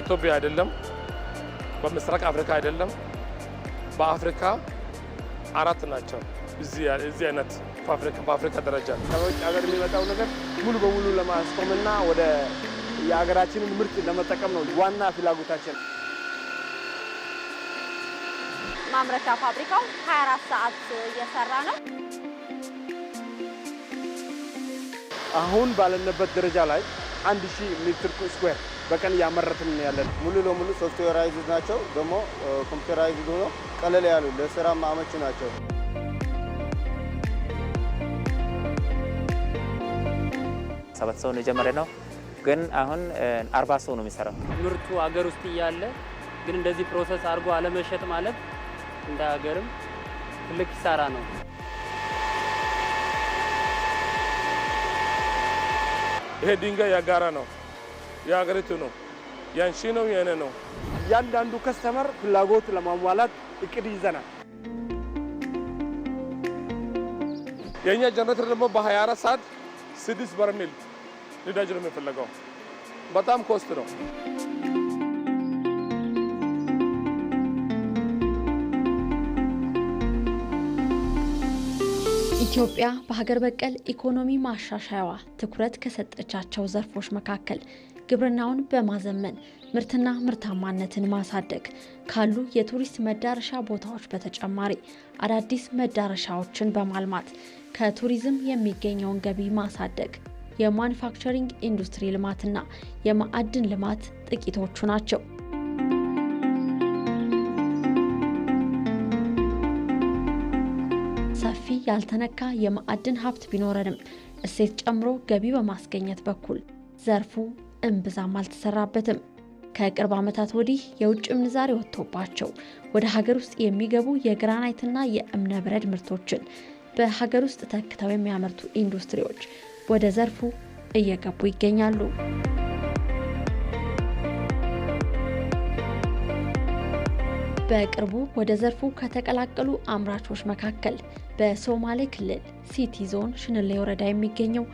በኢትዮጵያ አይደለም፣ በምስራቅ አፍሪካ አይደለም፣ በአፍሪካ አራት ናቸው። እዚህ አይነት በአፍሪካ ደረጃ ከውጭ ሀገር የሚመጣው ነገር ሙሉ በሙሉ ለማስቆምና ወደ የሀገራችንን ምርት ለመጠቀም ነው ዋና ፍላጎታችን። ማምረቻ ፋብሪካው 24 ሰዓት እየሰራ ነው። አሁን ባለንበት ደረጃ ላይ ሺህ ሜትር ስኩዌር በቀን እያመረትን ያለን ሙሉ ለሙሉ ሶፍትዌራይዝ ናቸው። ደግሞ ኮምፒውተራይዝ ሆኖ ቀለል ያሉ ለስራ አመች ናቸው። ሰባት ሰው ነው የጀመረ ነው፣ ግን አሁን አርባ ሰው ነው የሚሰራው። ምርቱ አገር ውስጥ እያለ ግን እንደዚህ ፕሮሰስ አድርጎ አለመሸጥ ማለት እንደ ሀገርም ትልቅ ኪሳራ ነው። ይሄ ድንጋይ ያጋራ ነው። የሀገሪቱ ነው፣ ያንቺ ነው፣ የእኔ ነው። እያንዳንዱ ከስተመር ፍላጎት ለማሟላት እቅድ ይዘናል። የእኛ ጀነሬተር ደግሞ በ24 ሰዓት ስድስት በርሜል ነዳጅ ነው የሚፈለገው። በጣም ኮስት ነው። ኢትዮጵያ በሀገር በቀል ኢኮኖሚ ማሻሻያዋ ትኩረት ከሰጠቻቸው ዘርፎች መካከል ግብርናውን በማዘመን ምርትና ምርታማነትን ማሳደግ ካሉ የቱሪስት መዳረሻ ቦታዎች በተጨማሪ አዳዲስ መዳረሻዎችን በማልማት ከቱሪዝም የሚገኘውን ገቢ ማሳደግ፣ የማኑፋክቸሪንግ ኢንዱስትሪ ልማትና የማዕድን ልማት ጥቂቶቹ ናቸው። ሰፊ ያልተነካ የማዕድን ሀብት ቢኖረንም እሴት ጨምሮ ገቢ በማስገኘት በኩል ዘርፉ እምብዛም አልተሰራበትም። ከቅርብ ዓመታት ወዲህ የውጭ ምንዛሬ ወጥቶባቸው ወደ ሀገር ውስጥ የሚገቡ የግራናይትና የእብነ በረድ ምርቶችን በሀገር ውስጥ ተክተው የሚያመርቱ ኢንዱስትሪዎች ወደ ዘርፉ እየገቡ ይገኛሉ። በቅርቡ ወደ ዘርፉ ከተቀላቀሉ አምራቾች መካከል በሶማሌ ክልል ሲቲ ዞን ሽንሌ ወረዳ የሚገኘው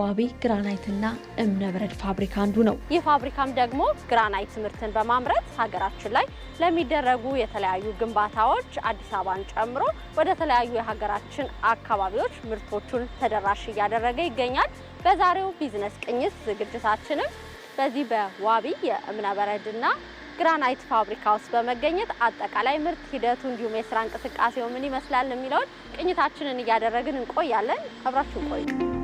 ዋቢ ግራናይትና እብነበረድ ፋብሪካ አንዱ ነው። ይህ ፋብሪካም ደግሞ ግራናይት ምርትን በማምረት ሀገራችን ላይ ለሚደረጉ የተለያዩ ግንባታዎች አዲስ አበባን ጨምሮ ወደ ተለያዩ የሀገራችን አካባቢዎች ምርቶቹን ተደራሽ እያደረገ ይገኛል። በዛሬው ቢዝነስ ቅኝት ዝግጅታችንም በዚህ በዋቢ የእብነበረድና ግራናይት ፋብሪካ ውስጥ በመገኘት አጠቃላይ ምርት ሂደቱ እንዲሁም የስራ እንቅስቃሴው ምን ይመስላል የሚለውን ቅኝታችንን እያደረግን እንቆያለን። አብራችሁ ቆዩ።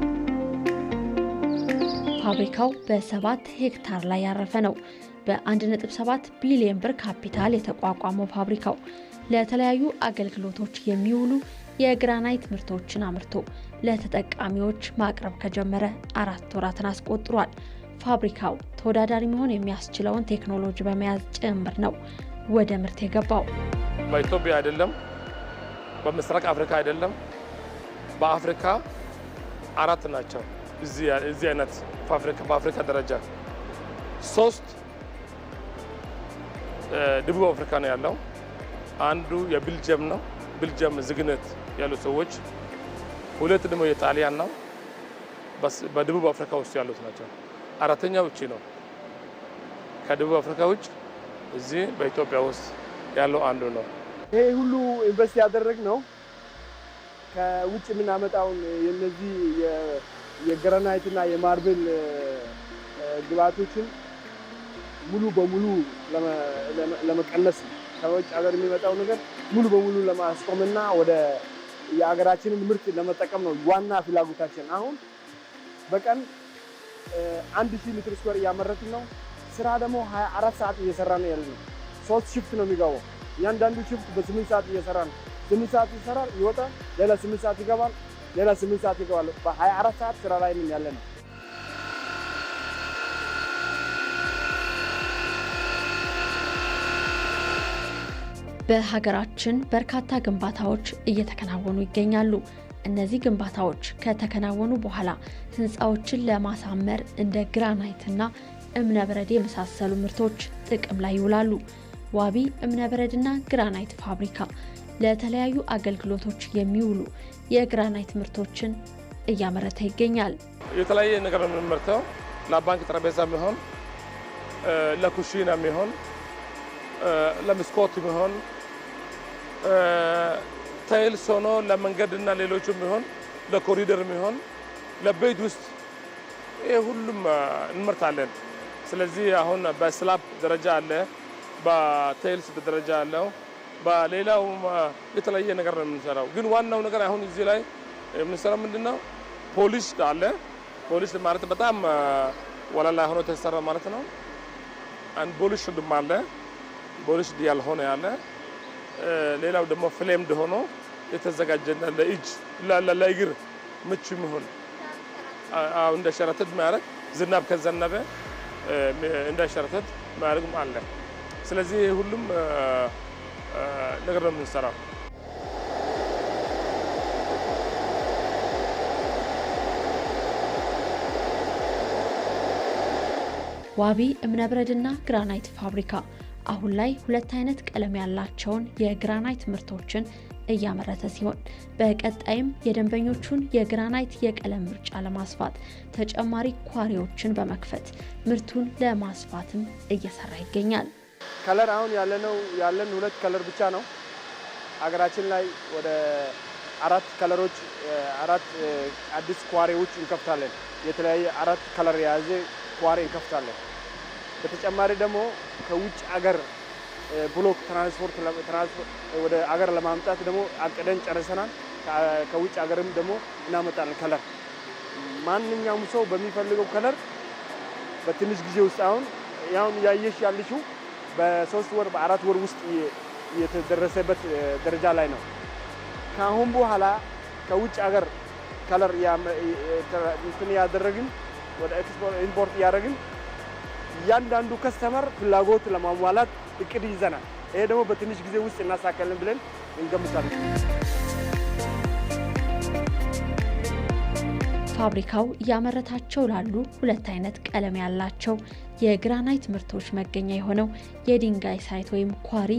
ፋብሪካው በሰባት ሄክታር ላይ ያረፈ ነው። በ1.7 ቢሊዮን ብር ካፒታል የተቋቋመው ፋብሪካው ለተለያዩ አገልግሎቶች የሚውሉ የግራናይት ምርቶችን አምርቶ ለተጠቃሚዎች ማቅረብ ከጀመረ አራት ወራትን አስቆጥሯል። ፋብሪካው ተወዳዳሪ መሆን የሚያስችለውን ቴክኖሎጂ በመያዝ ጭምር ነው ወደ ምርት የገባው። በኢትዮጵያ አይደለም፣ በምስራቅ አፍሪካ አይደለም፣ በአፍሪካ አራት ናቸው። እዚህ አይነት በአፍሪካ ደረጃ ሶስት ደቡብ አፍሪካ ነው ያለው። አንዱ የቤልጅየም ነው፣ ቤልጅየም ዝግነት ያሉ ሰዎች፣ ሁለት ደግሞ የጣሊያን ነው፣ በደቡብ አፍሪካ ውስጥ ያሉት ናቸው። አራተኛ ውጭ ነው። ከደቡብ አፍሪካ ውጭ እዚህ በኢትዮጵያ ውስጥ ያለው አንዱ ነው። ይሄ ሁሉ ኢንቨስት ያደረግ ነው ከውጭ የምናመጣውን የነዚህ የግራናይት እና የማርብል ግብአቶችን ሙሉ በሙሉ ለመቀነስ ከውጭ ሀገር የሚመጣው ነገር ሙሉ በሙሉ ለማስቆምና ወደ የሀገራችንን ምርት ለመጠቀም ነው ዋና ፍላጎታችን። አሁን በቀን አንድ ሺህ ሜትር ስኩዌር እያመረትን ነው። ስራ ደግሞ 24 ሰዓት እየሰራ ነው ያለ ነው። ሶስት ሽፍት ነው የሚገባው። እያንዳንዱ ሽፍት በስምንት ሰዓት እየሰራ ነው። ስምንት ሰዓት ይሰራል፣ ይወጣል። ሌላ ስምንት ሰዓት ይገባል። ሌላ ስምንት ሰዓት ይገባለሁ። በሀያ አራት ሰዓት ስራ ላይ ምን ያለ ነው። በሀገራችን በርካታ ግንባታዎች እየተከናወኑ ይገኛሉ። እነዚህ ግንባታዎች ከተከናወኑ በኋላ ህንፃዎችን ለማሳመር እንደ ግራናይትና እብነበረድ የመሳሰሉ ምርቶች ጥቅም ላይ ይውላሉ። ዋቢ እብነበረድና ግራናይት ፋብሪካ ለተለያዩ አገልግሎቶች የሚውሉ የግራናይት ምርቶችን እያመረተ ይገኛል። የተለያየ ነገር ነው የምንመርተው። ለባንክ ጠረጴዛ የሚሆን፣ ለኩሽና የሚሆን፣ ለመስኮት የሚሆን ታይልስ ሆኖ ለመንገድና ሌሎቹ የሚሆን፣ ለኮሪደር የሚሆን፣ ለቤት ውስጥ ይህ ሁሉም እንመርታለን። ስለዚህ አሁን በስላፕ ደረጃ አለ፣ በታይልስ ደረጃ አለው። በሌላው የተለየ ነገር ነው የምንሰራው። ግን ዋናው ነገር አሁን እዚህ ላይ የምንሰራው ምንድን ነው? ፖሊስ አለ። ፖሊስ ማለት በጣም ወላላ ሆኖ ተሰራ ማለት ነው። አንድ ፖሊስ ድማ አለ፣ ፖሊስ ያልሆነ ያለ። ሌላው ደግሞ ፍሌምድ ሆኖ የተዘጋጀና ለእጅ ለእግር ምቹ የሚሆን እንዳይሸራተት ማድረግ ዝናብ ከዘነበ እንዳይሸረተት ማድረግም አለ። ስለዚህ ሁሉም ነገር ነው የምንሰራው። ዋቢ እብነበረድና ግራናይት ፋብሪካ አሁን ላይ ሁለት አይነት ቀለም ያላቸውን የግራናይት ምርቶችን እያመረተ ሲሆን በቀጣይም የደንበኞቹን የግራናይት የቀለም ምርጫ ለማስፋት ተጨማሪ ኳሪዎችን በመክፈት ምርቱን ለማስፋትም እየሰራ ይገኛል። ከለር አሁን ያለነው ያለን ሁለት ከለር ብቻ ነው። አገራችን ላይ ወደ አራት ከለሮች አራት አዲስ ኳሬዎች እንከፍታለን። የተለያየ አራት ከለር የያዘ ኳሬ እንከፍታለን። በተጨማሪ ደግሞ ከውጭ አገር ብሎክ ትራንስፖርት ወደ አገር ለማምጣት ደግሞ አቅደን ጨርሰናል። ከውጭ አገርም ደግሞ እናመጣለን ከለር ማንኛውም ሰው በሚፈልገው ከለር በትንሽ ጊዜ ውስጥ አሁን ያሁን እያየሽ ያልሽው በሶስት ወር በአራት ወር ውስጥ የተደረሰበት ደረጃ ላይ ነው። ከአሁን በኋላ ከውጭ ሀገር ከለር እንትን ያደረግን ወደ ኢምፖርት እያደረግን እያንዳንዱ ከስተመር ፍላጎት ለማሟላት እቅድ ይዘናል። ይሄ ደግሞ በትንሽ ጊዜ ውስጥ እናሳካለን ብለን እንገምታለን። ፋብሪካው እያመረታቸው ላሉ ሁለት አይነት ቀለም ያላቸው የግራናይት ምርቶች መገኛ የሆነው የድንጋይ ሳይት ወይም ኳሪ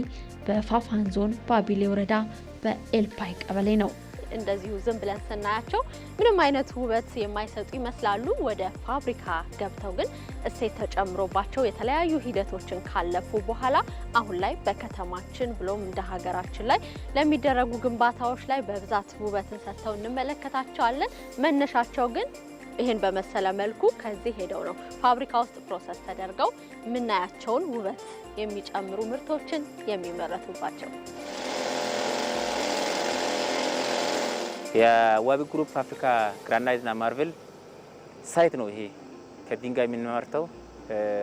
በፋፋን ዞን ባቢሌ ወረዳ በኤልፓይ ቀበሌ ነው። እንደዚሁ ዝም ብለን ስናያቸው ምንም አይነት ውበት የማይሰጡ ይመስላሉ። ወደ ፋብሪካ ገብተው ግን እሴት ተጨምሮባቸው የተለያዩ ሂደቶችን ካለፉ በኋላ አሁን ላይ በከተማችን ብሎም እንደ ሀገራችን ላይ ለሚደረጉ ግንባታዎች ላይ በብዛት ውበትን ሰጥተው እንመለከታቸዋለን። መነሻቸው ግን ይህን በመሰለ መልኩ ከዚህ ሄደው ነው ፋብሪካ ውስጥ ፕሮሰስ ተደርገው የምናያቸውን ውበት የሚጨምሩ ምርቶችን የሚመረቱባቸው የዋቢ ግሩፕ አፍሪካ ና ማርቨል ሳይት ነው ይሄ። ከድንጋይ የምንመርተው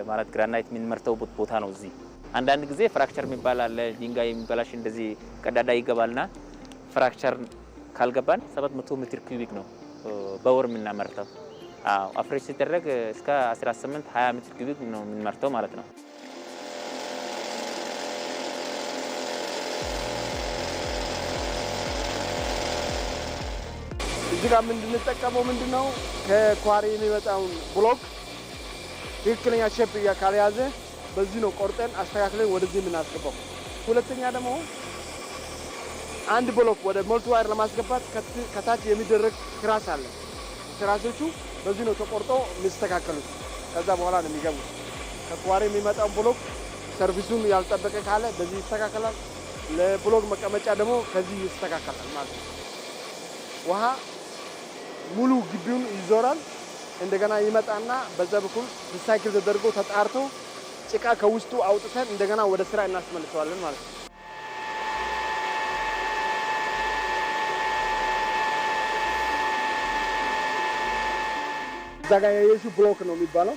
ማለት ግራናይት የምንመርተው ቦታ ነው። እዚህ አንዳንድ ጊዜ ፍራክቸር የሚባል አለ። ድንጋይ የሚበላሽ እንደዚህ ቀዳዳ ይገባልና ፍራክቸር ካልገባን 700 ሜትር ኪዩቢክ ነው በወር የምናመርተው። አፍሬሽ ሲደረግ እስከ 18 20 ሜትር ኪዩቢክ ነው የምንመርተው ማለት ነው። እዚህ ጋር የምንጠቀመው ምንድን ነው? ከኳሪ የሚመጣውን ብሎክ ትክክለኛ ሼፕ ካልያዘ በዚህ ነው ቆርጠን አስተካክለን ወደዚህ የምናስገባው። ሁለተኛ ደግሞ አንድ ብሎክ ወደ ሞልቲ ለማስገባት ከታች የሚደረግ ትራስ አለ። ትራሶቹ በዚህ ነው ተቆርጦ የሚስተካከሉት። ከዛ በኋላ ነው የሚገቡት። ከኳሪ የሚመጣውን ብሎክ ሰርቪሱን ያልጠበቀ ካለ በዚህ ይስተካከላል። ለብሎክ መቀመጫ ደግሞ ከዚህ ይስተካከላል ማለት ነው ውሃ ሙሉ ግቢውን ይዞራል። እንደገና ይመጣና በዛ በኩል ሪሳይክል ተደርጎ ተጣርቶ ጭቃ ከውስጡ አውጥተን እንደገና ወደ ስራ እናስመልሰዋለን ማለት ነው። እዛ ጋር ብሎክ ነው የሚባለው።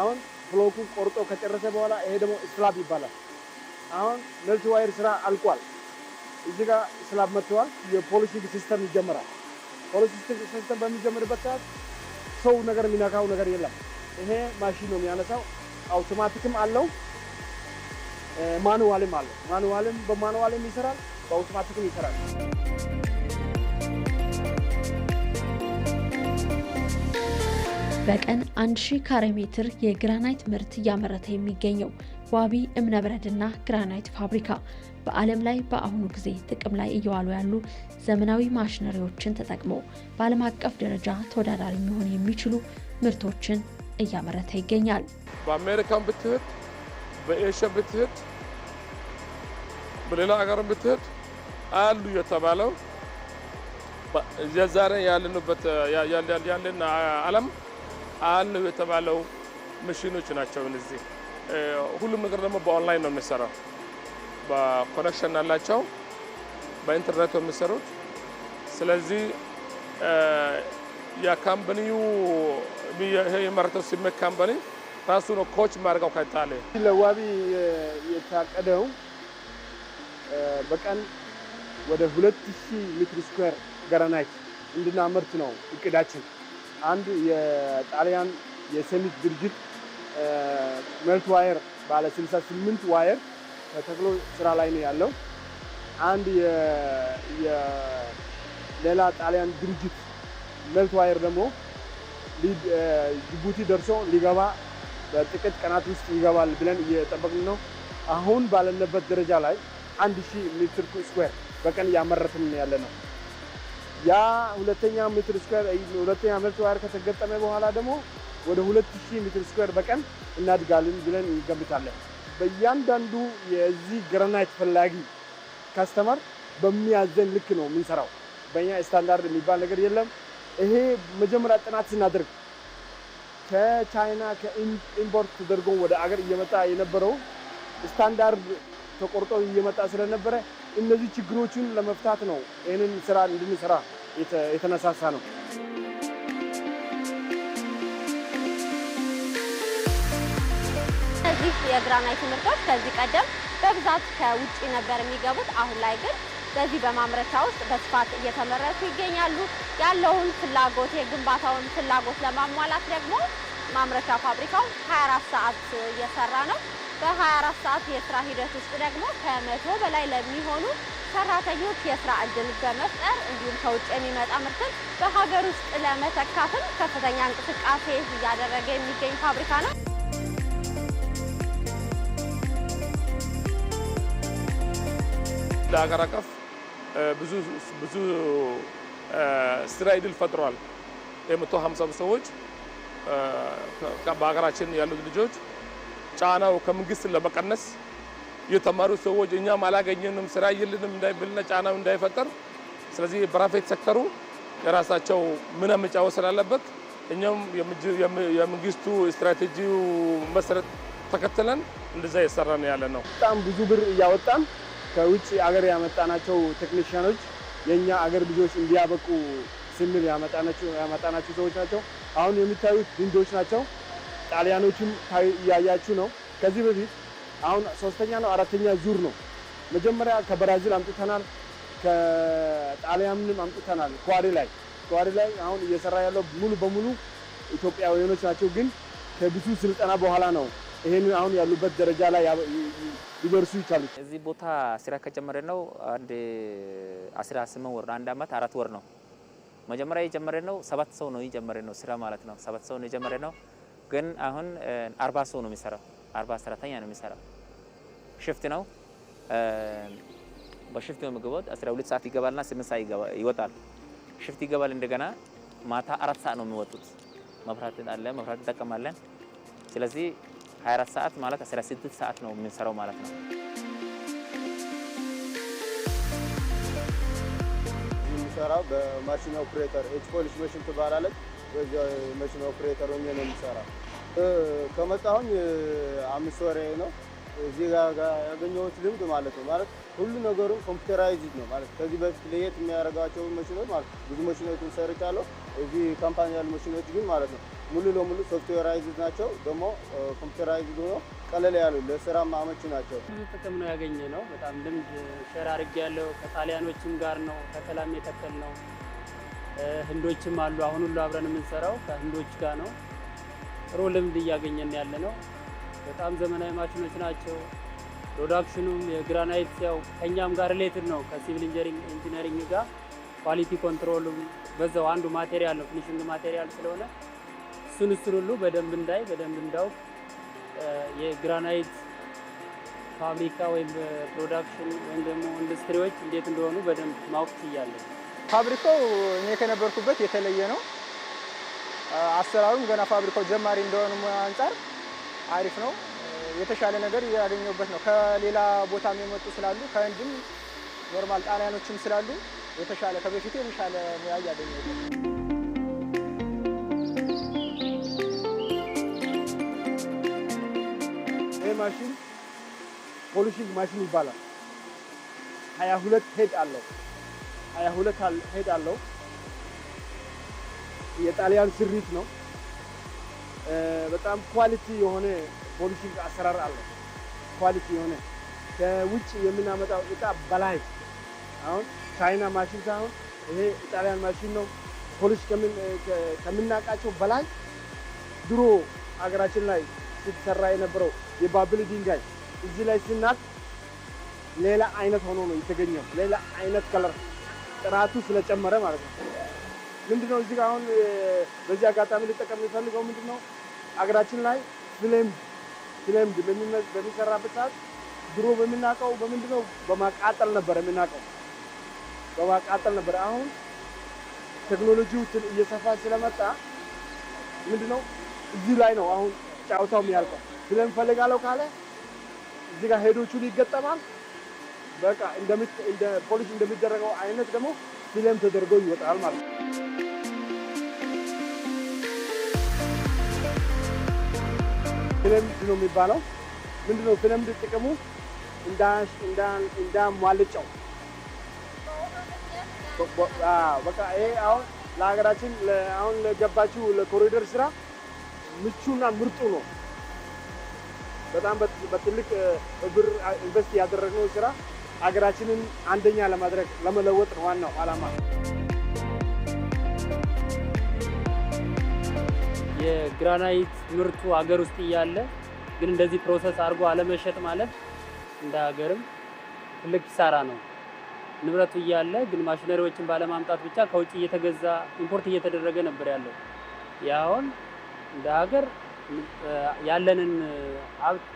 አሁን ብሎኩ ቆርጦ ከጨረሰ በኋላ ይሄ ደግሞ ስላብ ይባላል። አሁን መልቲ ዋይር ስራ አልቋል። እዚህ ጋር ስላብ መጥተዋል። የፖሊሽንግ ሲስተም ይጀምራል። ሎጂስቲክ ሲስተም በሚጀምርበት ሰዓት ሰው ነገር የሚነካው ነገር የለም። ይሄ ማሽን ነው የሚያነሳው። አውቶማቲክም አለው ማኑዋልም አለው። ማኑዋልም በማኑዋልም ይሰራል፣ በአውቶማቲክም ይሰራል። በቀን 1000 ካሬ ሜትር የግራናይት ምርት እያመረተ የሚገኘው ዋቢ እብነበረድና ግራናይት ፋብሪካ በዓለም ላይ በአሁኑ ጊዜ ጥቅም ላይ እየዋሉ ያሉ ዘመናዊ ማሽነሪዎችን ተጠቅሞ በዓለም አቀፍ ደረጃ ተወዳዳሪ መሆን የሚችሉ ምርቶችን እያመረተ ይገኛል። በአሜሪካን ብትሄድ፣ በኤሽያ ብትሄድ፣ በሌላ ሀገርን ብትሄድ አሉ የተባለው የዛሬ ያለንበት ያለን ዓለም አለው የተባለው መሽኖች ናቸው። እነዚህ ሁሉም ነገር ደግሞ በኦንላይን ነው የሚሰራው። በኮኔክሽን አላቸው፣ በኢንተርኔት ነው የሚሰሩት። ስለዚህ የካምፓኒው የመረተው ሲመክ ካምፓኒ ራሱ ነው ኮች ማድረገው ካይታለ ለዋቢ የታቀደው በቀን ወደ 2000 ሜትር ስኩዌር ገረናች እንድናመርት ነው እቅዳችን። አንድ የጣሊያን የሰሚት ድርጅት መልት ዋየር ባለ 68 ዋየር ተተክሎ ስራ ላይ ነው ያለው። አንድ የሌላ ጣሊያን ድርጅት መልት ዋየር ደግሞ ጅቡቲ ደርሶ ሊገባ በጥቂት ቀናት ውስጥ ይገባል ብለን እየጠበቅን ነው። አሁን ባለንበት ደረጃ ላይ አንድ ሺህ ሜትር ስኩዌር በቀን እያመረትን ያለ ነው። ያ ሁለተኛ ሜትር ስኩዌር ሁለተኛ ሜትር ስኩዌር ከተገጠመ በኋላ ደግሞ ወደ 2000 ሜትር ስኩዌር በቀን እናድጋለን ብለን እንገምታለን። በእያንዳንዱ የዚህ ግራናይት ፈላጊ ካስተመር በሚያዘን ልክ ነው የምንሰራው። በእኛ ስታንዳርድ የሚባል ነገር የለም። ይሄ መጀመሪያ ጥናት ስናደርግ ከቻይና ከኢምፖርት ተደርጎ ወደ አገር እየመጣ የነበረው ስታንዳርድ ተቆርጦ እየመጣ ስለነበረ እነዚህ ችግሮችን ለመፍታት ነው ይህንን ስራ እንድንሰራ የተነሳሳ ነው። እነዚህ የግራናይት ምርቶች ከዚህ ቀደም በብዛት ከውጭ ነበር የሚገቡት። አሁን ላይ ግን በዚህ በማምረቻ ውስጥ በስፋት እየተመረቱ ይገኛሉ። ያለውን ፍላጎት የግንባታውን ፍላጎት ለማሟላት ደግሞ ማምረቻ ፋብሪካው 24 ሰዓት እየሰራ ነው። በ24 ሰዓት የስራ ሂደት ውስጥ ደግሞ ከመቶ በላይ ለሚሆኑ ሰራተኞች የስራ እድል በመፍጠር እንዲሁም ከውጭ የሚመጣ ምርትን በሀገር ውስጥ ለመተካትም ከፍተኛ እንቅስቃሴ እያደረገ የሚገኝ ፋብሪካ ነው። ለሀገር አቀፍ ብዙ ብዙ ስራ እድል ፈጥሯል። የመቶ ሀምሳ ሰዎች በሀገራችን ያሉት ልጆች ጫናው ከመንግስት ለመቀነስ የተማሩ ሰዎች እኛም አላገኘንም ስራ የለንም እንዳይብልና ጫናው እንዳይፈጠር፣ ስለዚህ የፕራይቬት ሴክተሩ የራሳቸው ሚና መጫወት ስላለበት እኛም የመንግስቱ ስትራቴጂው መሰረት ተከትለን እንደዛ እየሰራን ያለ ነው። በጣም ብዙ ብር እያወጣን ከውጭ አገር ያመጣናቸው ቴክኒሽያኖች የእኛ አገር ልጆች እንዲያበቁ ስንል ያመጣናቸው ሰዎች ናቸው። አሁን የሚታዩት ድንዶች ናቸው። ጣሊያኖቹም እያያችሁ ነው። ከዚህ በፊት አሁን ሶስተኛ ነው አራተኛ ዙር ነው። መጀመሪያ ከብራዚል አምጥተናል፣ ከጣሊያንም አምጥተናል። ኳሪ ላይ ኳሪ ላይ አሁን እየሰራ ያለው ሙሉ በሙሉ ኢትዮጵያውያኖች ናቸው። ግን ከብዙ ስልጠና በኋላ ነው ይሄንን አሁን ያሉበት ደረጃ ላይ ሊደርሱ ይቻሉ። እዚህ ቦታ ስራ ከጀመረ ነው አንድ 18 ወር አንድ አመት አራት ወር ነው። መጀመሪያ የጀመረ ነው ሰባት ሰው ነው የጀመረ ነው ስራ ማለት ነው ሰባት ሰው ነው የጀመረ ነው ግን አሁን አርባ ሰው ነው የሚሰራው፣ አርባ ሰራተኛ ነው የሚሰራው። ሽፍት ነው በሽፍት ነው የሚገባው። 12 ሰዓት ይገባልና 8 ሰዓት ይወጣል። ሽፍት ይገባል። እንደገና ማታ አራት ሰዓት ነው የሚወጡት። መብራት አለ፣ መብራት እንጠቀማለን። ስለዚህ 24 ሰዓት ማለት 16 ሰዓት ነው የምንሰራው ማለት ነው። የምንሰራው በማሽን ኦፕሬተር ኤች ፖሊሽ መሽን ትባላለች። በዚያ መኪና ኦፕሬተር ሆኜ ነው የምሰራ። ከመጣሁኝ አምስት ወሬ ነው። እዚህ ጋር ያገኘሁት ልምድ ማለት ነው ማለት ሁሉ ነገሩም ኮምፒውተራይዝድ ነው ማለት ከዚህ በፊት ለየት የሚያደርጋቸው መኪኖች ማለት ብዙ መኪኖችን ሰርቻለሁ። እዚህ ካምፓኒ ያሉ መሽኖች ግን ማለት ነው ሙሉ ለሙሉ ሶፍትዌራይዝድ ናቸው። ደግሞ ኮምፒውተራይዝድ ሆኖ ቀለል ያሉ ለስራ አመቺ ናቸው። ብዙ ጥቅም ነው ያገኘ ነው። በጣም ልምድ ሸር አድርጌያለሁ። ከጣሊያኖችም ጋር ነው ተከላም የተከል ነው ህንዶችም አሉ። አሁን ሁሉ አብረን የምንሰራው ከህንዶች ጋር ነው። ጥሩ ልምድ እያገኘን ያለ ነው። በጣም ዘመናዊ ማሽኖች ናቸው። ፕሮዳክሽኑም የግራናይት ያው ከእኛም ጋር ሪሌትድ ነው ከሲቪል ኢንጂነሪንግ ጋር ኳሊቲ ኮንትሮሉም በዛው አንዱ ማቴሪያል ነው ፊኒሽንግ ማቴሪያል ስለሆነ እሱን እሱን ሁሉ በደንብ እንዳይ በደንብ እንዳውቅ የግራናይት ፋብሪካ ወይም ፕሮዳክሽን ወይም ደግሞ ኢንዱስትሪዎች እንዴት እንደሆኑ በደንብ ማወቅ ችያለሁ። ፋብሪካው እኔ ከነበርኩበት የተለየ ነው። አሰራሩም ገና ፋብሪካው ጀማሪ እንደሆነ አንጻር አሪፍ ነው። የተሻለ ነገር ያገኘሁበት ነው። ከሌላ ቦታም የመጡ ስላሉ ከህንድም ኖርማል ጣሊያኖችም ስላሉ የተሻለ ከበፊቱ የተሻለ ሙያ እያገኘሁበት ነው። ይህ ማሽን ፖሊሽንግ ማሽን ይባላል። ሀያ ሁለት ሄድ አለው። ሀያ ሁለት ሄዳለሁ። የጣሊያን ስሪት ነው። በጣም ኳሊቲ የሆነ ፖሊሲንግ አሰራር አለ። ኳሊቲ የሆነ ከውጭ የምናመጣው እቃ በላይ አሁን ቻይና ማሽን ሳይሆን ይሄ ኢጣሊያን ማሽን ነው። ፖሊስ ከምናውቃቸው በላይ ድሮ ሀገራችን ላይ ስትሰራ የነበረው የባብል ድንጋይ እዚህ ላይ ስናት ሌላ አይነት ሆኖ ነው የተገኘው። ሌላ አይነት ከለር ጥራቱ ስለጨመረ ማለት ነው። ምንድነው እዚህ አሁን በዚህ አጋጣሚ ልጠቀም የሚፈልገው ምንድነው አገራችን ላይ ፍሌም ፍሌም በሚሰራበት ሰዓት ድሮ በምናውቀው በምንድነው በማቃጠል ነበር የምናውቀው በማቃጠል ነበር። አሁን ቴክኖሎጂው እየሰፋ ስለመጣ ምንድነው እዚህ ላይ ነው አሁን ጫውታው የሚያልቀው። ፍሌም ፈልጋለው ካለ እዚህ ጋር ሄዶቹን ይገጠማል። በቃ እንደ ፖሊስ እንደሚደረገው አይነት ደግሞ ፊልም ተደርጎ ይወጣል ማለት ነው። ፊልም ነው የሚባለው። ምንድነው ፊልም ጥቅሙ? እንዳሟልጫው በቃ ይሄ አሁን ለሀገራችን አሁን ለገባችው ለኮሪደር ስራ ምቹና ምርጡ ነው። በጣም በትልቅ ብር ኢንቨስት ያደረግነው ስራ ሀገራችንን አንደኛ ለማድረግ ለመለወጥ ዋናው ዓላማ የግራናይት ምርቱ አገር ውስጥ እያለ ግን እንደዚህ ፕሮሰስ አድርጎ አለመሸጥ ማለት እንደ ሀገርም ትልቅ ኪሳራ ነው። ንብረቱ እያለ ግን ማሽነሪዎችን ባለማምጣት ብቻ ከውጭ እየተገዛ ኢምፖርት እየተደረገ ነበር ያለው። ያሁን እንደ ሀገር ያለንን ሀብት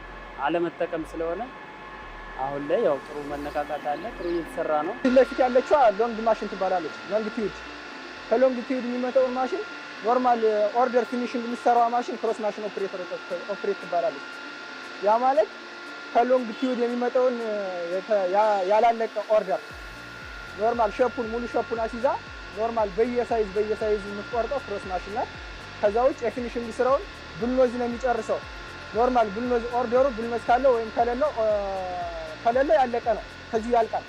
አለመጠቀም ስለሆነ አሁን ላይ ያው ጥሩ መነቃቃት አለ። ጥሩ እየተሰራ ነው። ፊት ለፊት ያለችዋ ሎንግ ማሽን ትባላለች። ሎንግ ከሎንግ ቲዩድ የሚመጣውን ማሽን ኖርማል ኦርደር ፊኒሽንግ የምትሰራዋ ማሽን ክሮስ ማሽን ኦፕሬት ትባላለች። ያ ማለት ከሎንግ ቲዩድ የሚመጣውን ያላለቀ ኦርደር ኖርማል ሸፑን ሙሉ ሸፑን አስይዛ ኖርማል በየሳይዝ በየሳይዝ የምትቆርጠው ክሮስ ማሽን ናት። ከዛ ውጭ የፊኒሽንግ ስራውን ብልኖዝ ነው የሚጨርሰው። ኖርማል ብልኖዝ ኦርደሩ ብልኖዝ ካለው ወይም ከሌለው ከሌለ ያለቀ ነው። ከዚሁ ያልቃል።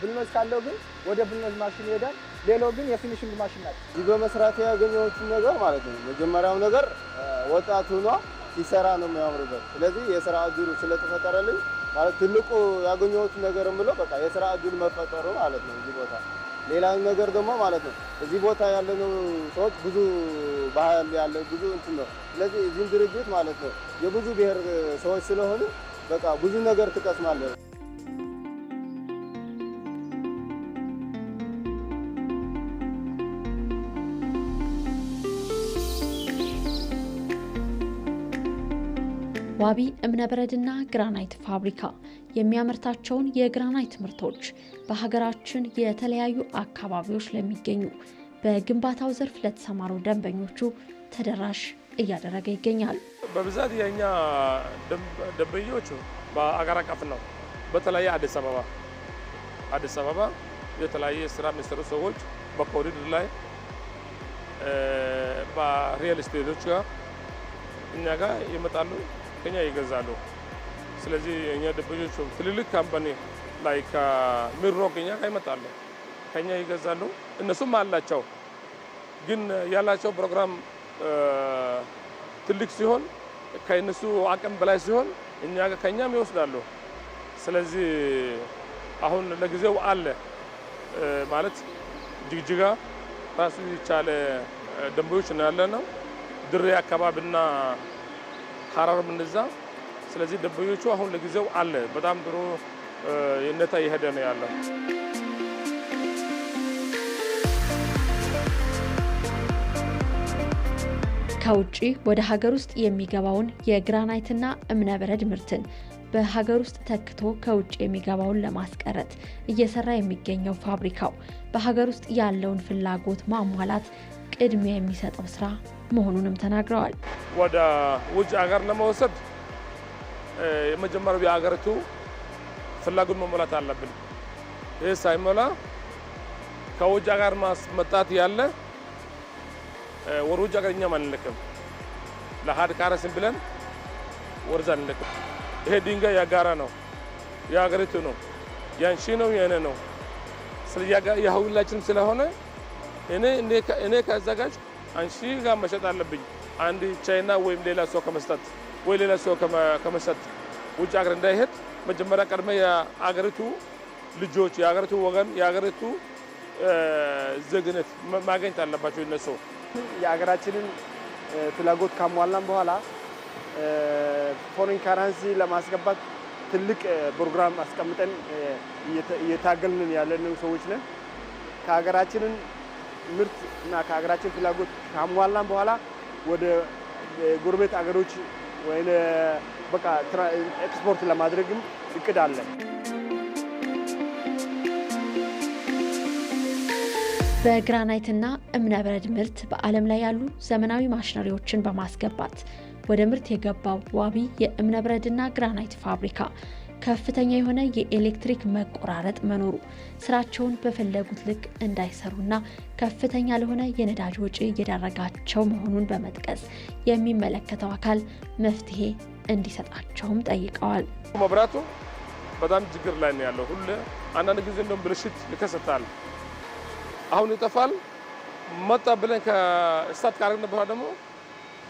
ብልኖች ካለው ግን ወደ ብልኖች ማሽን ይሄዳል። ሌላው ግን የፊኒሽንግ ማሽን ናቸው። እዚህ በመስራት ያገኘዎችን ነገር ማለት ነው። መጀመሪያው ነገር ወጣት ሆኗ ሲሰራ ነው የሚያምርበት። ስለዚህ የስራ እድሉ ስለተፈጠረልኝ ማለት ትልቁ ያገኘሁት ነገር የምለው በቃ የስራ እድል መፈጠሩ ማለት ነው። እዚህ ቦታ ሌላ ነገር ደግሞ ማለት ነው እዚህ ቦታ ያለነው ሰዎች ብዙ ባህል ያለ ብዙ እንትን ነው። ስለዚህ እዚህም ድርጅት ማለት ነው የብዙ ብሔር ሰዎች ስለሆኑ በቃ ብዙ ነገር ትቀስማለህ። ዋቢ እብነበረድና ግራናይት ፋብሪካ የሚያመርታቸውን የግራናይት ምርቶች በሀገራችን የተለያዩ አካባቢዎች ለሚገኙ በግንባታው ዘርፍ ለተሰማሩ ደንበኞቹ ተደራሽ እያደረገ ይገኛል። በብዛት የእኛ ደንበኞቹ በአገር አቀፍ ነው። በተለያየ አዲስ አበባ አዲስ አበባ የተለያየ ስራ የሚሰሩ ሰዎች በኮሪዶር ላይ በሪል ስቴቶች ጋር እኛ ጋር ይመጣሉ። ከኛ ይገዛሉ። ስለዚህ እኛ ደንበኞቹ ትልልቅ ካምፓኒ ላይክ ሚሮክ uh, እኛ ይመጣሉ፣ ከኛ ይገዛሉ። እነሱም አላቸው፣ ግን ያላቸው ፕሮግራም uh, ትልቅ ሲሆን ከእነሱ አቅም በላይ ሲሆን እኛ ከእኛም ይወስዳሉ። ስለዚህ አሁን ለጊዜው አለ uh, ማለት ጅግጅጋ ራሱ የቻለ ደንበኞች ያለ ነው ድሬ አካባቢና ሀረርም እንደዛ። ስለዚህ ደንበኞቹ አሁን ለጊዜው አለ በጣም ጥሩ የነታ እየሄደ ነው ያለው። ከውጭ ወደ ሀገር ውስጥ የሚገባውን የግራናይትና እብነበረድ ምርትን በሀገር ውስጥ ተክቶ ከውጭ የሚገባውን ለማስቀረት እየሰራ የሚገኘው ፋብሪካው በሀገር ውስጥ ያለውን ፍላጎት ማሟላት ቅድሚያ የሚሰጠው ስራ መሆኑንም ተናግረዋል። ወደ ውጭ ሀገር ለመውሰድ የመጀመሪያው የሀገሪቱ ፍላጎት መሞላት አለብን። ይህ ሳይሞላ ከውጭ ሀገር ማስመጣት ያለ ወደ ውጭ ሀገር እኛም አንልክም። ለሀድ ካረስን ብለን ወርዝ አንልክም። ይሄ ድንጋይ ያጋራ ነው፣ የሀገሪቱ ነው፣ ያንሺ ነው፣ የእኔ ነው። የሁላችንም ስለሆነ እኔ ከዘጋጅ አንቺ ጋር መሸጥ አለብኝ። አንድ ቻይና ወይም ሌላ ሰው ከመስጠት ወይ ሌላ ሰው ከመስጠት ውጭ ሀገር እንዳይሄድ መጀመሪያ ቀድመ የአገሪቱ ልጆች የአገሪቱ ወገን የአገሪቱ ዜግነት ማግኘት አለባቸው። ይነሱ የሀገራችንን ፍላጎት ካሟላን በኋላ ፎሪን ካረንሲ ለማስገባት ትልቅ ፕሮግራም አስቀምጠን እየታገልን ያለን ሰዎች ነን። ከሀገራችንን ምርት እና ከሀገራችን ፍላጎት ካሟላን በኋላ ወደ ጎረቤት አገሮች ወይ በቃ ኤክስፖርት ለማድረግም እቅድ አለን። በግራናይትና እብነበረድ ምርት በዓለም ላይ ያሉ ዘመናዊ ማሽነሪዎችን በማስገባት ወደ ምርት የገባው ዋቢ የእብነበረድና ግራናይት ፋብሪካ ከፍተኛ የሆነ የኤሌክትሪክ መቆራረጥ መኖሩ ስራቸውን በፈለጉት ልክ እንዳይሰሩና ከፍተኛ ለሆነ የነዳጅ ወጪ እየዳረጋቸው መሆኑን በመጥቀስ የሚመለከተው አካል መፍትሄ እንዲሰጣቸውም ጠይቀዋል። መብራቱ በጣም ችግር ላይ ነው ያለው። ሁሌ አንዳንድ ጊዜ እንደውም ብልሽት ይከሰታል። አሁን ይጠፋል መጣ ብለን ከእሳት ካረግን በኋላ ደግሞ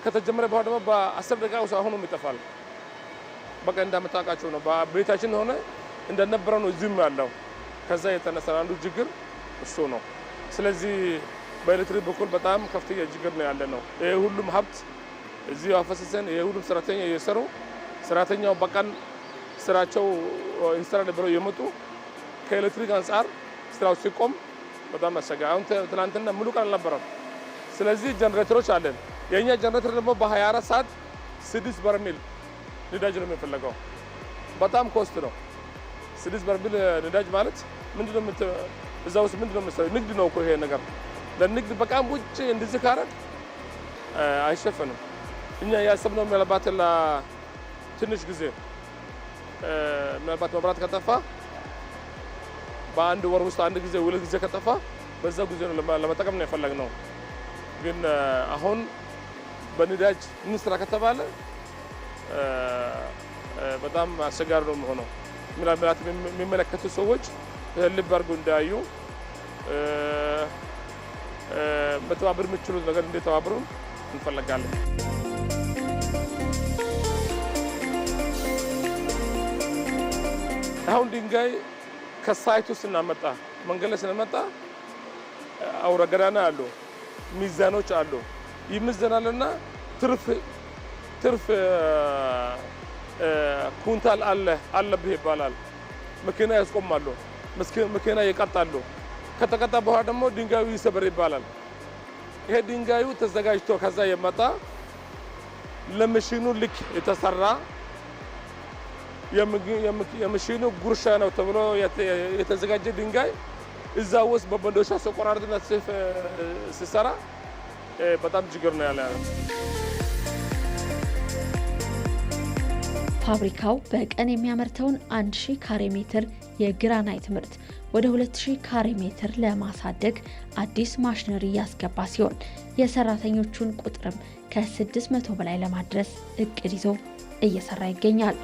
ከተጀመረ በኋላ ደግሞ በአስር ደቂቃ ውስጥ አሁንም ይጠፋል። በቃ እንደምታውቃቸው ነው። በቤታችን ሆነ እንደነበረ ነው እዚህም ያለው። ከዛ የተነሳ አንዱ ችግር እሱ ነው። ስለዚህ በኤሌክትሪክ በኩል በጣም ከፍተኛ ችግር ነው ያለ ነው። ይህ ሁሉም ሀብት እዚህ አፈሰሰን፣ ይህ ሁሉም ሰራተኛ እየሰሩ ሰራተኛው በቀን ስራቸው ኢንስትራ ነበረው የመጡ ከኤሌክትሪክ አንጻር ስራው ሲቆም በጣም ያሰጋ። አሁን ትናንትና ሙሉ ቀን አልነበረም። ስለዚህ ጀነሬተሮች አለን። የእኛ ጀነሬተር ደግሞ በ24 ሰዓት ስድስት በርሜል ነዳጅ ነው የሚፈለገው። በጣም ኮስት ነው። ስድስት በርሜል ነዳጅ ማለት ምንድነው? እዛ ውስጥ ምንድነው የምትሰሪው? ንግድ ነው እኮ ይሄ ነገር። ለንግድ በቃም ውጭ እንደዚህ ካረግ አይሸፈንም። እኛ ያሰብነው ምናልባት ለትንሽ ጊዜ ምናልባት መብራት ከጠፋ በአንድ ወር ውስጥ አንድ ጊዜ ሁለት ጊዜ ከጠፋ በዛ ጊዜ ነው ለመጠቀም ነው የፈለግነው። ግን አሁን በነዳጅ እንስራ ከተባለ በጣም አስቸጋሪ ነው የሚሆነው። ምናልባት የሚመለከቱ ሰዎች ልብ አድርጎ እንዳያዩ መተባበር የሚችሉት ነገር እንዲተባብሩ እንፈለጋለን። አሁን ድንጋይ ከሳይቱ ስናመጣ መንገድ ላይ ስናመጣ አውራ አሉ፣ ሚዛኖች አሉ ይምዘናልና ትርፍ ትርፍ ኩንታል አለ አለብህ ይባላል። መኪና ያስቆማሉ፣ መኪና ይቀጣሉ። ከተቀጣ በኋላ ደግሞ ድንጋዩ ይሰበር ይባላል። ይሄ ድንጋዩ ተዘጋጅቶ ከዛ የመጣ ለመሽኑ ልክ የተሰራ የመሽኑ ጉርሻ ነው ተብሎ የተዘጋጀ ድንጋይ እዛ ውስጥ በመዶሻ ሲቆራርጥና ሲሰራ በጣም ችግር ነው ያለ። ፋብሪካው በቀን የሚያመርተውን 1000 ካሬ ሜትር የግራናይት ምርት ወደ 2000 ካሬ ሜትር ለማሳደግ አዲስ ማሽነሪ እያስገባ ሲሆን የሰራተኞቹን ቁጥርም ከ600 በላይ ለማድረስ እቅድ ይዞ እየሰራ ይገኛል።